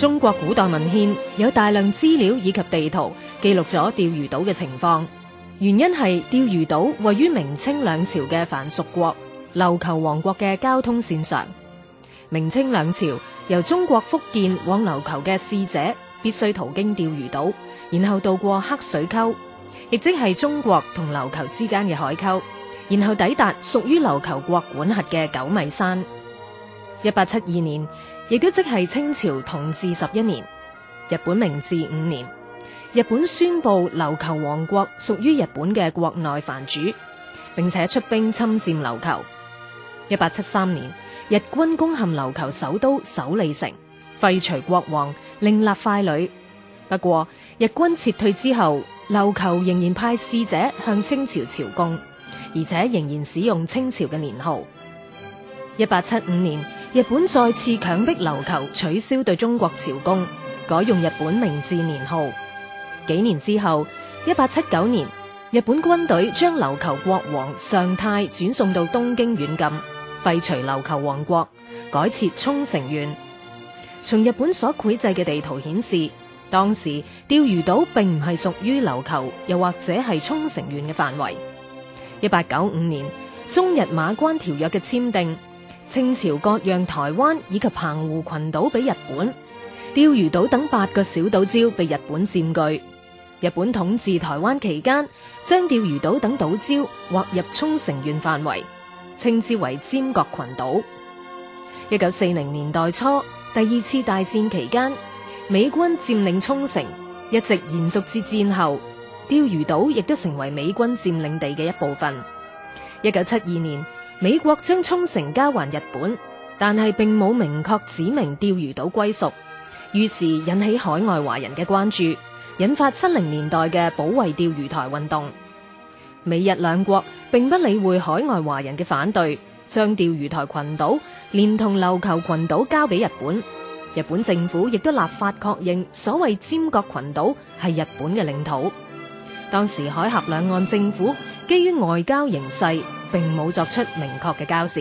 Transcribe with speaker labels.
Speaker 1: 中國古代文獻有大量資料以及地圖記錄咗釣魚島嘅情況，原因係釣魚島位於明清兩朝嘅藩屬國琉球王國嘅交通線上。明清兩朝由中國福建往琉球嘅使者必須途經釣魚島，然後渡過黑水溝，亦即係中國同琉球之間嘅海溝，然後抵達屬於琉球國管轄嘅九米山。一八七二年，亦都即係清朝同治十一年，日本明治五年，日本宣布琉球王國屬於日本嘅國內藩主，並且出兵侵占琉球。一八七三年，日軍攻陷琉球首都首里城，廢除國王，另立傀儡。不過，日軍撤退之後，琉球仍然派使者向清朝朝貢，而且仍然使用清朝嘅年號。一八七五年，日本再次強迫琉球取消對中國朝貢，改用日本明治年號。幾年之後，一八七九年，日本軍隊將琉球國王尚泰轉送到東京軟禁，廢除琉球王國，改設沖繩縣。從日本所繪製嘅地圖顯示，當時釣魚島並唔係屬於琉球，又或者係沖繩縣嘅範圍。一八九五年，中日馬關條約嘅簽訂。清朝割讓台灣以及澎湖群島俾日本，釣魚島等八個小島礁被日本佔據。日本統治台灣期間，將釣魚島等島礁劃入沖繩縣範圍，稱之為尖閣群島。一九四零年代初，第二次大戰期間，美軍佔領沖繩，一直延續至戰後。釣魚島亦都成為美軍佔領地嘅一部分。一九七二年。美國將沖繩交還日本，但係並冇明確指明釣魚島歸屬，於是引起海外華人嘅關注，引發七零年代嘅保衛釣魚台運動。美日兩國並不理會海外華人嘅反對，將釣魚台群島連同琉球群島交俾日本。日本政府亦都立法確認所謂尖閣群島係日本嘅領土。當時海峽兩岸政府基於外交形勢。並冇作出明確嘅交涉。